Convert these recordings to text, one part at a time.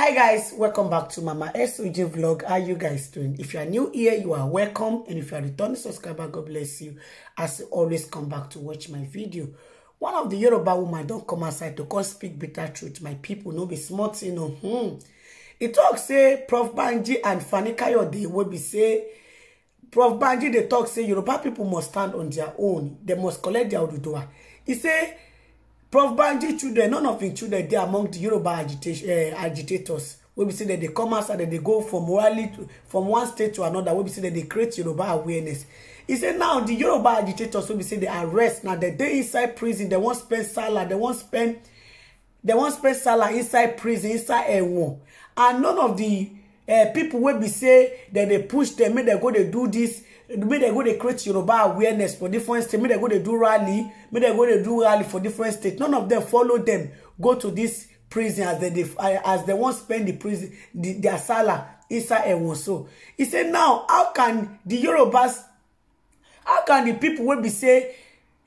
hi guys welcome back to mama soj vlog how you guys doing if you are new here you are welcome and if you are returning subscriber god bless you as you always come back to watch my video one of the yoruba woman don't come outside to come speak bitter truth my people no be smart, you know hmm e tok say prof banji and fani kayode wey be say prof banji they talk say yoruba people must stand on their own They must collect their oduduwa He say prof banji children none of him children They among di yoruba eh, agitators We be say dem dey come outside dem dey go from one state to another. We be say dem dey create yoruba awareness He said, now the yoruba agitators wey be say They arrest now. dem dey inside prison They won't spend salary They won't spend They won't spend salary inside prison inside a war. and none of the." uh, people wey be say dem dey push dem make dem go dey do this, make dem go dey create yoruba awareness for different states make dem go dey do rally make dem go dey do rally for different states none of dem follow dem go to this prison as dem dey as dem wan spend the prison di dia salary inside ẹwọn He e say now how can the yorubas how can the people wey be say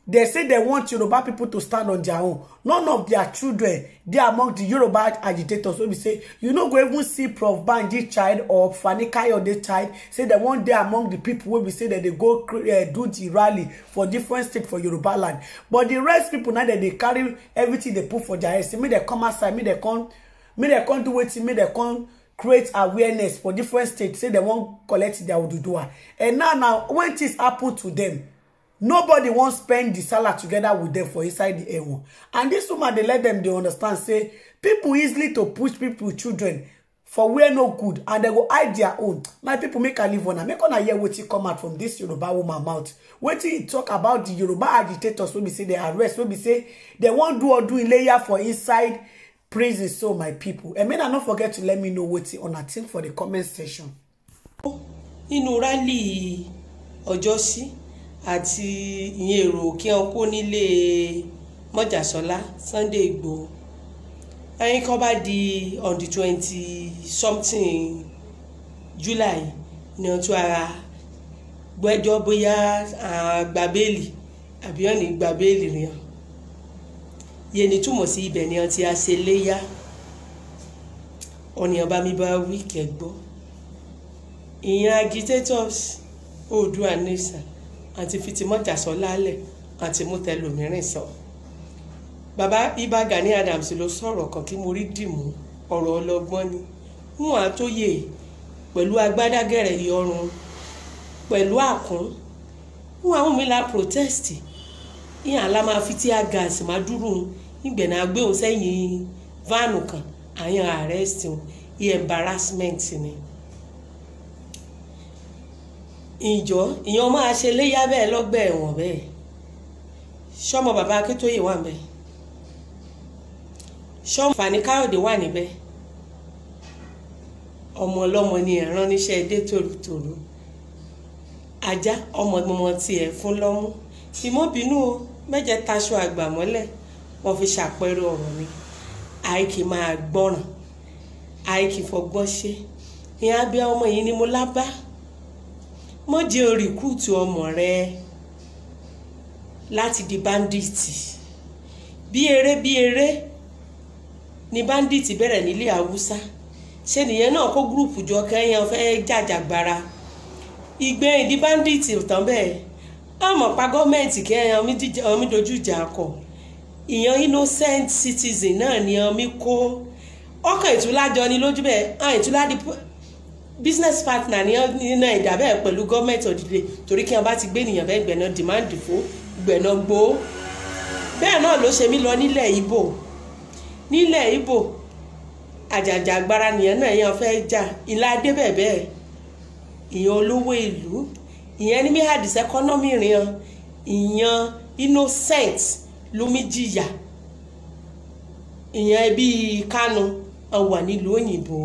They say they want Yoruba people to stand on their own. None of their children, they among the Yoruba agitators. So we say, you no go even see Prof Banji child or Fani Kayode child. Say they want they among the people where we say that they go uh, do the rally for different state for Yoruba land. But the rest people now that they carry everything they put for their head. Make they come outside, make they come, make they come do wetin, make they come create awareness for different states. Say they won't collect their Oduduwa. And now, now, when things happen to them, nobody wan spend the salary together with them for inside di airwon and this woman they let them, they understand say people easily to push people, children for where no good and they go hide their own my people make a i leave una make una hear wetin come out from this yoruba woman mouth What e talk about the yoruba agitators wey be say they arrest wey be say they won't do or do in layer for inside prison so my people, pipo emina not forget to let me know what on. A thing for the comment section. nínú rálì ọjọ́sí àti ìyẹn èrò kí wọn kó nílé mọ́jàsọ́lá Sunday Igboho ẹyin kan bá di on the twenty something July ni wọn tún ara gbẹ́jọ́ bóyá gba béèlì àbí wọn ní gba rìn yé ni túmọ̀ sí ibẹ̀ ni wọn ti ṣe léyà ọ̀nìyàn bá mi bá wí kẹ́gbọ́ ìyẹn agitators Oòduà nation àti fitimọ́jà sọ lálẹ̀ àti mútẹlòmírìn sọ. bàbá Ìbà Gani Adams ló sọ̀rọ̀ kan kí mo rí dìmú ọ̀rọ̀ ọlọ́gbọ́n ni wọn à tó yè pẹ̀lú agbádágẹ̀rẹ̀ yọrùn pẹ̀lú àkún wọn àwọn mi la protest ìyàn la máa fi tí a gààsì máa dúró ìgbẹ̀nà agbóhùn sẹ́yìn fáànù kan àyàn arrest embarrassment ni ìjọ ìyẹn máa ṣe léyà bẹ́ẹ̀ lọ́gbà ẹ̀wọ̀n bẹ́ẹ̀ ṣọ́mọ bàbá akíntóyè wà níbẹ̀ ṣọ́mọ fani káyọ̀dé wà níbẹ̀ ọmọ ọlọ́mọ ni ẹ̀ràn níṣẹ́ edé tòlùtòlù ajá ọmọ ọmọ tiẹ̀ fún lọ́mú ìmọ̀bínú o mẹ́jẹ taṣọ àgbà mọ́lẹ̀ wọ́n fi ṣàpẹẹrẹ ọ̀rọ̀ mi àìkì máa gbọ́ràn àìkì fọgbọ́n ṣe ìyẹn abẹ́ ọmọ yìí ni mo lábá má jẹ́ o rìkúùtù ọmọ rẹ láti di báńdíìtì bí eré bí eré ni báńdíìtì bẹ̀rẹ̀ nílé haúsá ṣé nìyẹn náà kó gúrùpù jọ kẹ́yìn fẹ́ jàjàgbara ìgbẹ́yìn di báńdíìtì tán bẹ́ẹ̀ àmọ́ pa gọ́ọ̀mẹ̀ntì kẹ́yìn ọmí dojú ìjà kọ̀ ìyẹn innocent citizen náà ni ọmí kó ọkàn ìtúlájọ ni lójú bẹ́ẹ̀ ọkàn ìtúlá business partner ní iná ìdá bẹ́ẹ̀ pẹ̀lú gọ́ọ̀mẹ̀ntì òdìdè torí kí wọn bá ti gbé ènìyàn bẹ́ẹ̀ gbẹ̀nà demand fó gbẹ̀nà gbó bẹ́ẹ̀ náà ló ṣe mí lọ nílẹ̀ Ìbò nílẹ̀ Ìbò àjàjà agbára nìyẹn náà èèyàn fẹ́ jà ìlà adé bẹ́ẹ̀ bẹ́ẹ̀ ìyẹn olówó ìlú ìyẹn ní mihad sẹ́kọ́nọ́mì rìn ìyẹn innocent lómìjìyà ìyẹn bíi Kánú wà nílùú òyìnbó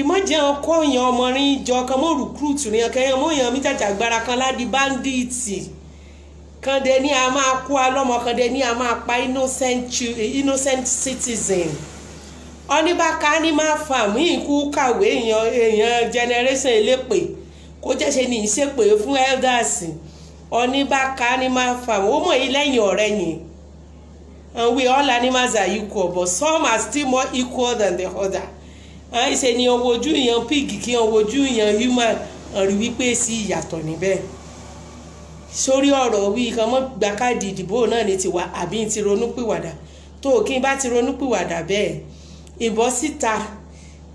ìmọ̀jẹ̀ ọkọ̀ yẹn ọmọrin jọ kan mọ́ recruit yẹn kẹyàn mọ́ yẹn mítàjà gbára kan ládi báńdíìtì kan dẹ ní a máa kó a lọ́mọ kan dẹ ní a máa pa innocent, citizen oníbàkà ní máa fà mí ikú kàwé èèyàn èèyàn generation elépè kó jẹ́sẹ̀ ni ìṣèpè fún elders oníbàkà ní máa fà mí ó mọ̀ yí lẹ́yìn ọ̀rẹ́ yìí and we all animals are equal but some are still more equal than the other àìṣe ni ọwọ́ ojú ìyan pig kí ọwọ́ ojú ìyan human ọ̀rí wípé sí ìyàtọ̀ níbẹ̀ sórí ọ̀rọ̀ wí kan mọ́ gba káàdì ìdìbò náà ní tiwa àbí ti ronúpìwàdà tó kí n bá ti ronúpìwàdà bẹ́ẹ̀ ìbọn síta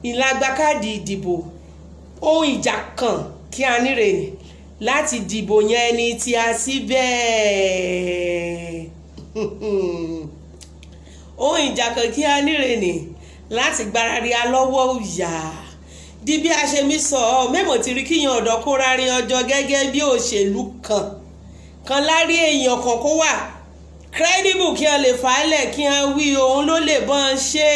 ìlágbá káàdì ìdìbò ohun ìjà kan kí a nírèyìn láti dìbò yan ẹni tí a sí bẹ́ẹ̀ ohun ìjà kan kí a nírèyìn láti gbárarí alọ́wọ́ òyà di bí a ṣe mi sọ ọ mẹ́mọ̀ ti rí kíyan ọ̀dọ́ kó rárín ọjọ́ gẹ́gẹ́ bí òṣèlú kan kan lárí èèyàn kan kó wà credible kí wọn lè fàálẹ̀ kí wọn wí òun ló lè bọ́n ṣe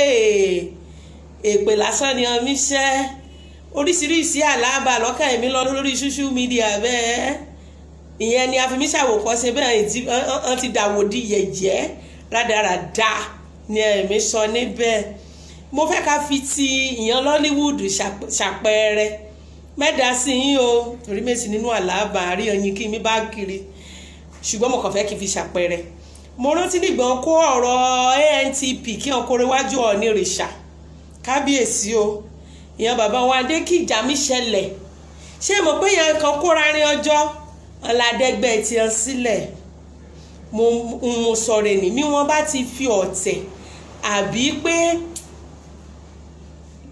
èpè lásán ni wọn mi ṣẹ́ oríṣiríṣi àlábà lọ́kàn èmi lọ lórí social media bẹ́ẹ̀ ìyẹn ni àfimiṣàwòkọ́ṣe bẹ́ẹ̀ wọn ti dàwòdì yẹ̀yẹ́ rádaràda ni ẹ̀mí sọ níbẹ̀ mo fẹ́ ká fi ti ìyẹn Lollywood ṣàpẹẹrẹ mẹ́ta sí yín o torí méjì nínú àlàbà àrí ọyìn kí mi bá kiri ṣùgbọ́n mo kàn fẹ́ kí n fi ṣàpẹẹrẹ mo rántí nígbọ̀n kó ọ̀rọ̀ ANTP kí ọkùnrin wájú ọ̀ọ́ni rìṣà kábíyèsí o ìyẹn bàbá wa dé kí ìjà mi ṣẹlẹ̀ ṣé mo pé ìyẹn kan kóra rin ọjọ́ ọ̀làdẹ́gbẹ́ ti hàn sílẹ̀ mo sọ̀rọ̀ ènì mi wọ́n bá ti fi ọ̀tẹ̀ àbí pé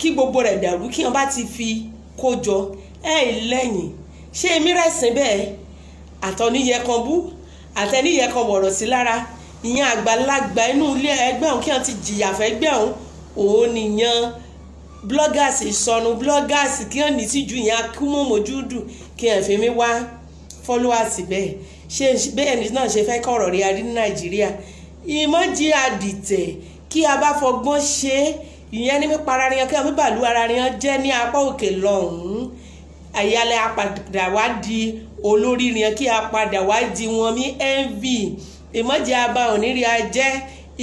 kí gbogbo rẹ̀ dàrú kí wọ́n bá ti fi kó jọ ẹ̀ lẹ́yìn ṣé èmi rẹ̀ sìn bẹ́ẹ̀ àtọ̀níyẹ kan bú àtẹníyẹ kan wọ̀rọ̀ sí lára ìyẹn àgbàlagbà inú ilé ẹgbẹ́ òun kí wọ́n ti jìyà fẹ́gbẹ́ òun òun nìyẹn bloggers ìsọnù bloggers kí wọ́n ní síjú ìyẹn akúmọ̀mọ́jú dùn kí wọ́n fi mí wá followers bẹ́ẹ̀ ṣe bẹ́ẹ̀ ni náà ṣe fẹ́ kọ̀rọ̀ rí a rí ní nàìjíríà ìmọ̀jì àdìtẹ̀ kí a bá fọgbọ́n ṣe é ìyẹn ní pípa ara riyan kí wọn bíbàlú ara riyan jẹ́ ní apá òkè lọ́hùn-ún àyàlẹ̀ apàdà wá di olórí riyan kí apàdà wá di wọn mí envy ìmọ̀jẹ̀ aba òníri ajẹ́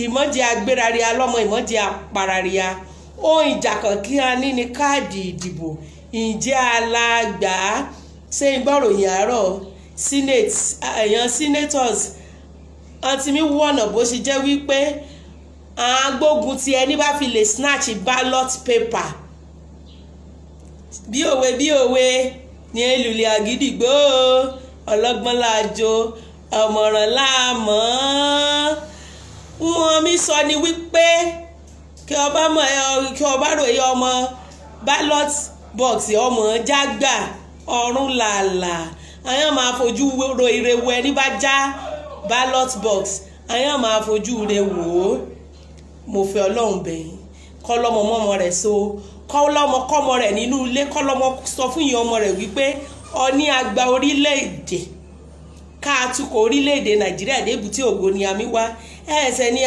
ìmọ̀jẹ̀ agbéraria alọ́mọ ìmọ̀jẹ̀ apararia ohun ìjàkàn kí a ní ni káàdì ìdìbò ǹjẹ́ alágbà ṣé ń bọ̀rọ̀ yàrá senate èèyàn senators àti mi wọ̀nà bó ṣe jẹ́ wípé àgbógun ti ẹni bá fi lè snatch ballot paper bí òwe bí òwe ní elùlẹ̀ àgídìgbò ọlọ́gbọ́n láàjò ọ̀mọ̀ràn láàmọ́ wọn mi sọ ni wípé kí ọba mọ ẹ kí ọba ròyìn ọmọ ballot box ọmọ jágbà ọrùn làlà àyàn máa fojú ro ire wo ẹni bá já ballot box àyàn máa fojú ire wò ó. mo fẹ́ ọlọ́run bẹ̀yìn kọ́ mọ́mọ rẹ̀ so kọ́ kọ́mọ rẹ̀ nínú ilé sọ fún ìyẹn ọmọ rẹ̀ wípé ọní àgbà orílẹ̀-èdè orílẹ̀-èdè nàìjíríà débù tí wá ẹ̀ẹ́sẹ̀ ní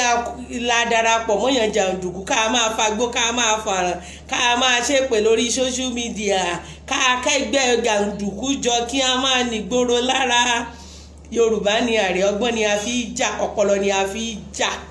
la darapọ̀ mọ́yàn jàǹdùkú ká máa ká máa fàràn ká máa lórí ká kẹ́gbẹ́ jàǹdùkú á máa lára yorùbá ni àrẹ ọgbọ́n ni a fi